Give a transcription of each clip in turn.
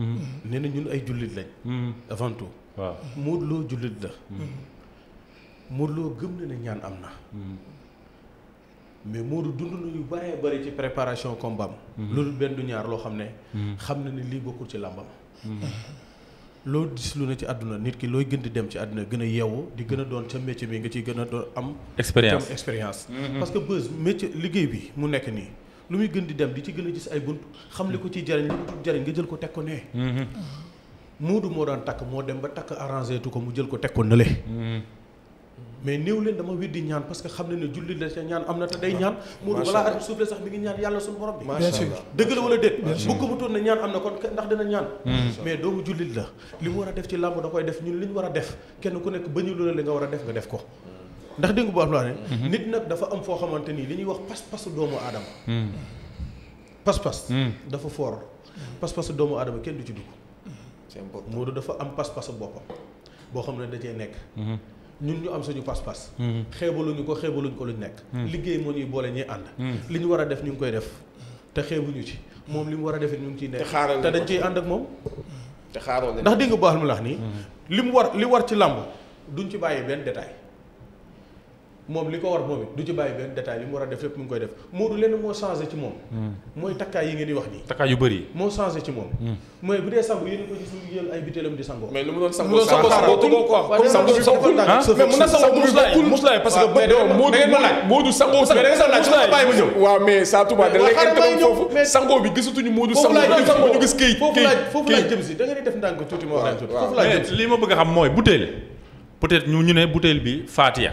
Mm-hmm. nee na ñun ay jullit lañ. Mm-hmm. avant tout. waaw Modou Lo jullit la. Mm-hmm. Modou Lo gëm na ne ñaan am na. mais Modou dund na yu bëree bëri ci préparation combat am. loolu benn du ñaar loo xam ne. xam na ne lii bokkul ci làmbam. loo gis lu ne ci àdduna nit ki looy gën di dem ci àdduna gën a yeewu di gën a doon ca métier bi nga ciy gën a doon am. expérience expérience. parce que bés liggéey bi mu nekk nii. lu muy gën di dem di ci gën a gis ay bunt xam li ko ci jariñ li ko nga jël ko teg ko nee muudu mm-hmm. moo daan takk moo dem ba takk arrangé tu ko mu jël ko teg ko nële mm-hmm. mais néew leen dama di ñaan parce que xam ne ne julli la ca ñaan am na te day ñaan muudu balaa ar suuf la sax mi ngi ñaan yàlla suñu borom bi dëgg la wala déet bu ko mu toon ne ñaan am na kon ndax dina ñaan mm-hmm. mais doomu jullit la li mu war a def ci làmb da koy def ñun li ñu war a def kenn ku nekk ba ñu lu la war a def nga def ko ndax dégg nga nit nag dafa am foo xamante ni li ñuy wax pas-pasu doomu aadama pas-pas hmm. dafa foor pas-pasu doomu aadama kenn du ci dugg c'est important dafa am pas-pasu boppam boo xam ne da nekk hmm. ñun ñu am suñu pas-pas hmm. xeebaluñu ko xeebaluñu ko luñ nekk liggéey moo ñuy boole ñuy ànd li ñu war a def ñu ngi koy def te xeebuñu ci moom li mu war a defit ñu ngi ciy nekk te dañ ciy ànd ak moom xaaroo ndax dégg nga baax mu laax nii li mu war li war ci làmb duñ ci bàyyi benn détail moom li ko war moom it du ci bàyyi benn détail li mu war a def lépp mu ngi koy def Modou lenn moo changé ci moom. Hmm. mooy takkaay yi ngeen di wax nii. takkaay yu bëri. moo changé ci moom. Hmm. mooy bu mais lu mu doon sangoo sangoo sangoo tuggoo quoi. waaw sangoo sangoo ah mais mun na sangoo muslaay muslaay parce que ba bi waaw a butéel ñu ne butéel bi Fatia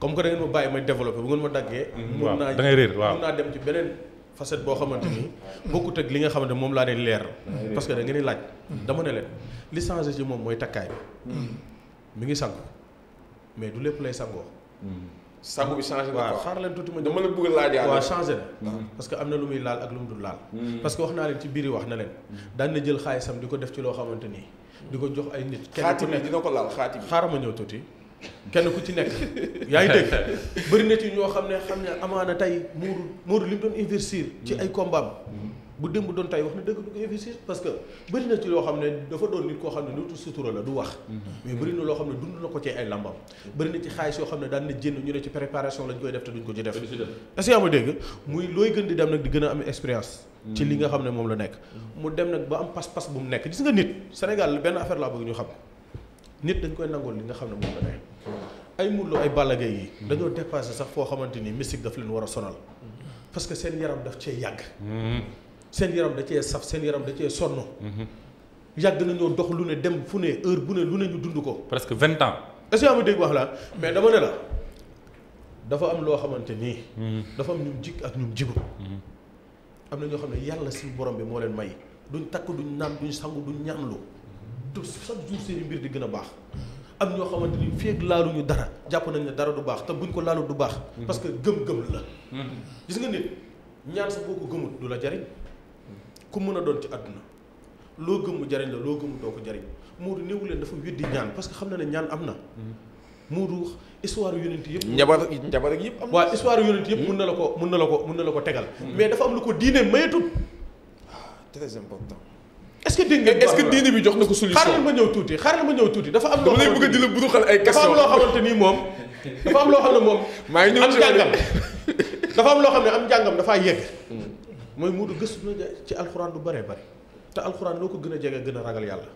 comme que da ma bàyyi may développé bu ngeen ma daggee. Mm-hmm. waaw da ngay réer waaw mun naa dem ci beneen facette boo xamante ni bokkut ak li nga xamante moom laa dee leer. Mm-hmm. parce que da ngeen laaj. Mm-hmm. dama ne leen li changé ci moom mooy takkaay bi. mi ngi sangu mais du lépp lay sangoo. sangu bi changé na waaw xaar leen tuuti ma dama la bëgg laaj waaw changé na. parce que am na lu muy laal ak lu mu dul laal. parce que wax naa leen ci biir wax na leen. daan na jël xaalisam di ko def ci loo xamante ni. di ko jox ay nit. kenn ku nekk ko laal xaati bi ma ñëw tuuti kenn ku ci nekk yaa ngi dégg bëri na ci ñoo xam ne xam ne amaana tey Modou Modou li mu doon investir. ci mm-hmm. ay combat mm-hmm. bu démb doon tey wax na dëgg du ko investir parce que bëri na ci xam ne dafa doon nit koo xam ne nitu sutura la du wax. Mm-hmm. mais bëri na loo xam ne dund na ko ci ay lambam. bëri na ci xaalis yoo xam ne daan na jënd ñu ne ci préparation lañ koy def te ko ci def. est-ce que yaa ma dégg muy looy gën a am expérience. ci li nga xam ne moom la nekk. mu dem nag ba am pas-pas bu mu nekk gis nga nit Sénégal benn affaire laa bëgg ñu xam nit dañ koy nangoon li nga xam ne moom la nekk ay Modou ay Balla Gaye yi dañoo dépassé sax foo xamante ni mystique daf leen war a sonal parce que seen yaram daf cee yàgg seen yaram da cee sax seen yaram da cee sonn yàgg nañoo dox lu ne dem fu ne heure bu ne lu ne ñu dund ko presque vingt ans est-ce que wax la mais dama ne dafa am loo xamante nii dafa am ñum jik ak ñum jigu am na ñoo xam ne yàlla si borom bi moo leen may duñ takk duñ naan duñ sangu duñ ñaanlu chaque jour seen mbir di gën a baax am ñoo xamante ni feeg laaluñu dara jàpp nañ ne dara du baax te buñ ko laalu du baax. Mhm. parce que gëm-gëm la. Mhm. gis nga nit ñaan sax boo ko gëmul du la jariñ ku mën a doon ci àdduna loo gëm mu jariñ la loo gëmu doo ko jariñ Moodu néewu leen dafa weddi ñaan parce que xam na ne ñaan am na. Mhm. Moodu histoire yonent yëpp. njabar njabar ak yëpp am waaw histoire yonent yëpp mun na la ko mun na la ko mun na la ko tegal. mais dafa am lu ko diine mayatut. Ah, très important. est-ce que bi jox na ko solution xaaral ma ñëw tuuti xaaral ma ñëw tuuti dafa am. loo xam ne dama lay bëgg di la buruxal ay questions dafa am loo xamante ni moom dafa am loo xam ne moom. maa ngi am jàngam dafa am loo xam ne am jàngam dafaa yegg. Hmm. mooy Moodu gëstu na ci alxuraan du bëree bare te alxuraan loo ko gën a jege gën a ragal yàlla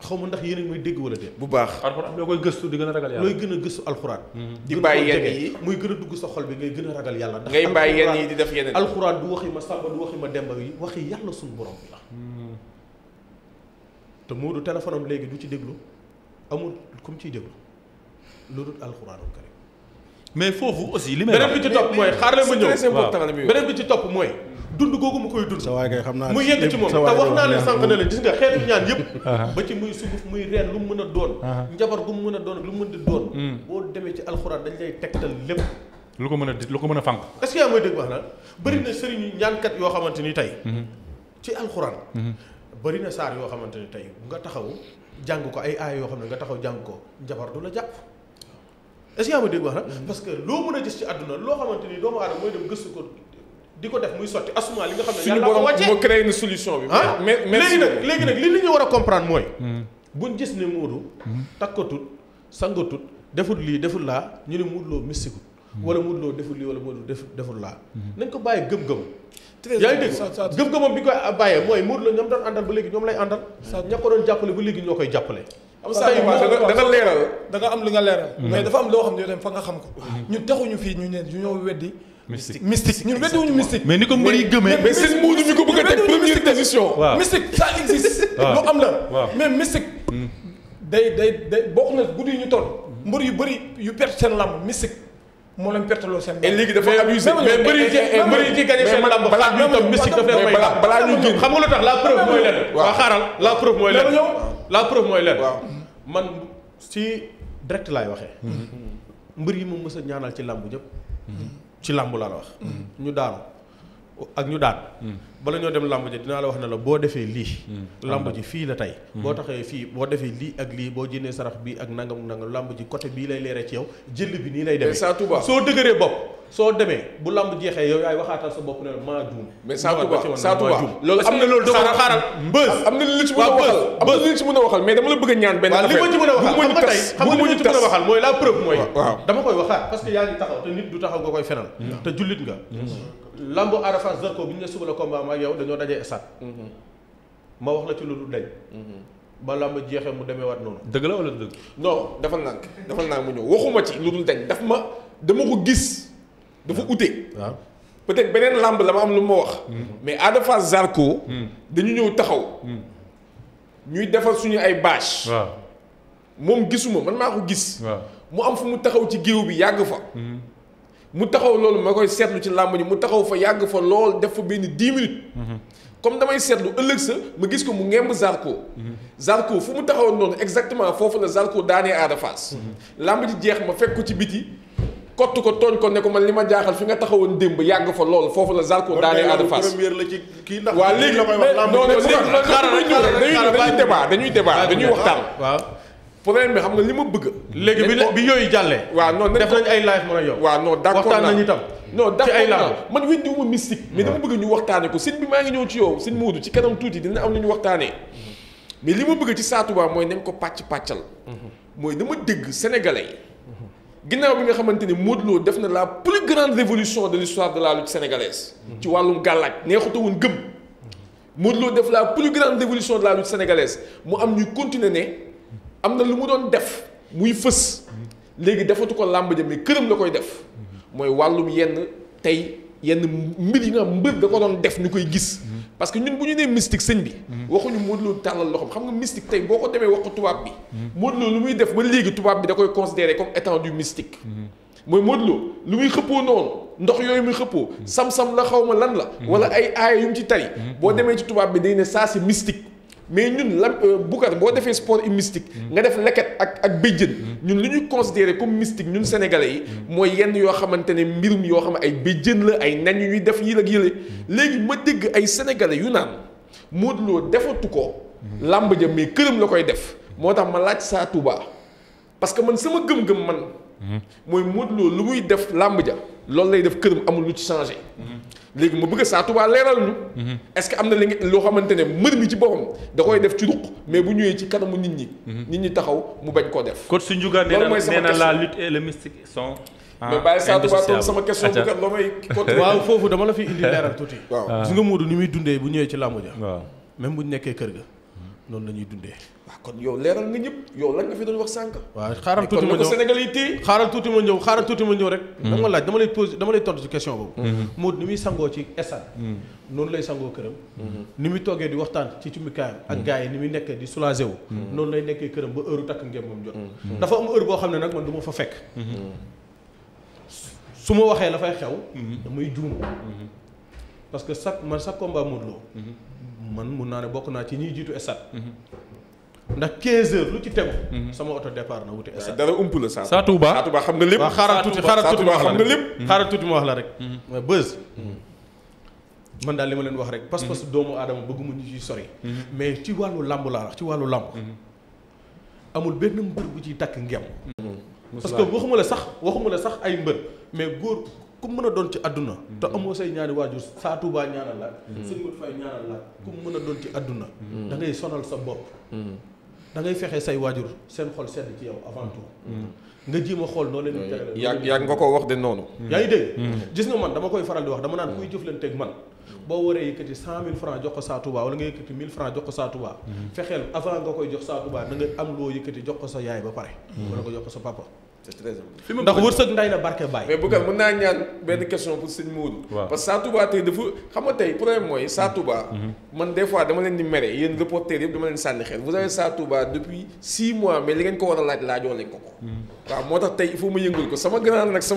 xaw ma ndax yéen a dégg wala déet bu baax alxuraan loo koy gëstu di gën ragal yàlla looy gën a gëstu alxuraan mm-hmm. di bàyyi yenn yi muy gën a dugg sa xol bi ngay gën a ragal yàlla ndax ngay bàyyi yenn yi di def yeneen alxuraan du waxi ma sàmba du waxi ma demba yi waxi yàlla suñu borom bi la mm-hmm. te Moodu téléphone am léegi du ci déglu amul ku ciy déglu loolu alxuraanul karim mais foofu aussi li may beneen bi ci topp mooy xaar leen ma bi ci topp mooy dund googu mu koy dund mu yegg ci moom te wax naa leen sànq ne la gis nga xeetu ñaan yëpp ba ci muy sunguf muy reen lu mu a doon njabar gu mu mën a doon ak lu mu mën di doon hmm. boo demee ci alxuraan a a fànq na bëri na sëriñu ñaankat ni tey hmm. ci alxuraan hmm. bëri na nga taxaw jàng ko ay aay yoo xam ne nga taxaw jàng ko njabar du la jàpp est-ce que loo mën a gis ci àdduna loo ni doomu aadama mooy dem gëstu ko di ko def muy sotti asuma li nga xam ne. yàlla ko wàcce moo créé solution bi. Ah, mais léegi nag léegi nag li li ñu war a comprendre mooy. Hmm. buñ gis ne Modou. takkatut sangatut defut lii defut laa ñu ne Modou Lo hmm. wala Modou Lo defut lii wala Modou Lo defut laa. Hmm. nañ ko bàyyi gëm-gëm. yaa ngi dégg gëm-gëmam bi koy bàyyee mooy Modou Lo ñoom doon àndal ba léegi ñoom lay àndal. ña ko doon jàppale ba léegi ñoo koy jàppale. am saa yu da nga leeral da am lu nga leeral. mais dafa am loo xam ne fa nga xam ko. ñu taxuñu fii ñu ne ñoo weddi mystique mystique ñun weddiwuñu mystique. mais ni ko mbër yi gëmee. mais seen muudu ñu ko bëgg a teg première position. waaw mystique ça existe. waaw lu am la mais mystique. Hmm. day day day bokk na guddi yi ñu toll. mbër yu bëri yu perte seen lamb mystique moo leen perte loo seen. et léegi dafay abusé mais mbër yi ci mbër yi ci gagné seen lamb balaa ñuy toog mystique daf leen may balaa ñuy génn xam nga lu tax la preuve mooy leen. waaw xaaral la preuve mooy leen. la preuve mooy leen. waaw man si direct laay waxee. Hmm. mbër yi moom mës a ñaanal ci lamb jëpp hmm. ci làmb laa la wax. Mm. ñu daanu ak ñu daan. Mm. bala ñoo dem làmb ji dinaa la wax ne la boo defee lii. Mm. làmb ji fii la tey. boo taxee fii boo defee lii ak lii boo jëndee sarax bi ak nangam nangam làmb ji côté bii lay leere ci yow jël bi nii lay demee. saa Touba soo dëgëree bopp. soo demee bu lamb jeexee yow yaay waxaatal sa bopp ne maa juum. mais saa tuba saa tuba loolu am na loolu xaaral xaaral mbës. am na li ci mën a waxal am na li ci mën a waxal mais dama a ñaan benn a waxal xam nga tey xam a koy waxaat parce que yaa taxaw te nit du taxaw nga koy fenal. Mm-hmm. te jullit nga. lambu Arafat Zarko bi ñu ne suba la combat ma ak yow dañoo dajee esat mm-hmm. ma wax la ci lu dul dañ. Mm-hmm. ba làmb jeexee mu demee waat noonu. dëgg la wala dëgg. non dafa nànk dafa nànk mu ñëw waxuma ci lu dul dañ daf ma dama ko gis dafa ute. peut-être beneen làmb la ma am lu ma wax. Hmm. mais Ada Fass Zarko. Hmm. dañu ñëw taxaw. Hmm. ñuy defar suñu ay bâche. moom gisuma man maa ko gis. mu am fu mu taxaw ci géew bi yàgg fa. mu taxaw loolu ma koy seetlu ci làmb ji mu taxaw fa yàgg fa lool def fa benn dix minutes. comme damay seetlu ëllëg sa ma gis ko mu ngemb Zarko. Zarko fu mu taxaw noonu exactement foofu na Zarko daanee Ada làmb ji jeex ma fekk ko ci biti. kott ko tooñ ko ne ko man li ma jaaxal fi nga taxawoon démb yàgg fa lool foofu la Zarko daanee Ada Fass première la ci léegi dañuy débat dañuy débat dañuy waxtaan waaw problème bi xam nga li ma bëgg léegi bi bi yooyu jàllee waaw non def nañ ay live mën a yow waaw non d'accord waxtaan nañu tam non d'accord naa man weddi wu ma mystique mais dama bëgg ñu waxtaane ko sëñ bi maa ngi ñëw ci yow sëñ Moodu ci kanam tuuti dina am lu ñu waxtaanee mhm. mais li ma bëgg ci Sa Touba mooy ginnaaw bi nga xamante ni Modou Lo def na la plus grande révolution de l'histoire de la lutte sénégalaise. ci wàllum gàllaaj neexuta woon gëm. Modou Lo def la plus grande révolution de la lutte sénégalaise mu am ñuy continuer ne am na lu mu doon def muy fës léegi defatu ko làmb ja këram la koy def mooy wàllum yenn tey yenn mbir yi nga xam mbër da ko doon def ñu koy gis. parce que ñun bu ñu nee mystique sëñ bi. Mhm. waxuñu Modou Lo tàllal loxoom xam nga mystique tey boo ko demee wax ko tubaab bi. Mhm. Modou lu muy def ba léegi tubaab bi da koy considéré comme étant du mystique. Mhm. mooy Modou lu muy xëppoo noonu ndox yooyu muy xëppoo. sam-sam la xaw ma lan la. wala ay aaya yu mu ci tari. boo demee ci tubaab bi day ne saa si mystique. mais ñun la euh, Boucar boo defee sport i mystique mm. nga def leket ak ak béjjën mm. ñun li ñuy considéré comme mystique ñun sénégalais yi mm. mooy yenn yoo xamante ne mbirum yoo xam ne ay béjjën la ay nañ yuy def yi ak yële léegi ma dégg ay sénégalais yu naan Modou Lo defatu ko làmb ja mais këram la koy def moo tax ma laaj saa Touba parce que man sama gëm-gëm man mooy Modou Lo lu muy def làmb ja loolu lay def kër mu amul lu ci changé. léegi ma bëgg a saa Touba leeral ñu. est-ce que am na li nga loo xamante ne mër mi ci boppam da koy def ci ruq mais bu ñëwee ci kanamu nit ñi. nit ñi taxaw mu bañ koo def. kon su Ndiouga nee na la lutte et le mystique sont. mais bàyyi saa Touba toog sama question bu foofu dama la fi indi leeral tuuti. nga Modou ni muy dundee bu ñëwee ci làmb ja. waaw même bu ñu nekkee kër ga. noonu lañuy ñuy dundee. waaw kon yow leeral nga ñëpp yow lan nga fi doon wax sànq. waaw xaaral tuuti ma ñëw Sénégal yi téye xaaral tuuti ma ñëw xaaral tuuti ma ñëw rek. Hmm. dama ma laaj dama lay pose dama lay tontu ci question boobu. Modou hmm. ni muy sangoo ci stade. Hmm. noonu lay sangoo këram. ni mu toogee di waxtaan ci cumikaayam. ak gars yi ni muy nekkee di soulagé wu. noonu lay nekkee këram ba heure takk ngeen moom jot. dafa am heure boo xam ne nag man du ma fa fekk. su ma waxee la fay xew. damay juum. parce que chaque man chaque combat Modou Lo man mun naa ne bokk naa ci ñiy jiitu stade. ndax 15 heures lu ci tegu. Mhm. sama oto départ na wuti. dara ump la saa. saa xam nga lépp. xaaral tuuti mhm. xaaral tuuti ma wax la rek xaaral tuuti ma man daal li ma leen wax rek. parce que mhm. doomu aadama bëgguma ñu ciy sori. mais ci wàllu làmb laa wax ci wàllu làmb. amul benn mbër bu ciy takk ngem. parce que waxuma la sax waxuma la sax ay mbër mais góor ku mën a doon ci àdduna. te amoo say ñaani waajur saa Touba ñaanal la. sëñ Fay ñaanal la ku mën a doon ci àdduna. da sonal sa bopp. da ngay fexe say waajur seen xol sedd ci yow avant tout. Mm. nga jéem a xool noo leen di. yaa yaa nga ko wax de noonu. Mm. yaa ngi dégg. Mm. gis nga man dama koy faral di wax dama naan kuy jëflanteeg man. boo waree yëkkati cent mille francs jox ko saa Touba wala nga yëkkati mille francs jox ko saa Touba. fexeel avant nga koy jox saa Touba na nga am loo yëkkati jox ko sa yaay ba pare. wala ko jox ko sa papa. c'est ndax wërsëg nday la barke Baye. mais bu ko naa ñaan benn question pour sëñ Modou. waaw parce que Sa Touba tey dafa xam nga tey problème mooy Sa Touba. Mhm. man des dama leen di mere yéen reporter yëpp dama leen sànni xel vous avez Sa Touba depuis 6 mois mais li ngeen ko war a laaj laajoon leen ko mhm. waaw moo tax tey il ma yëngal ko sama grand nag sama.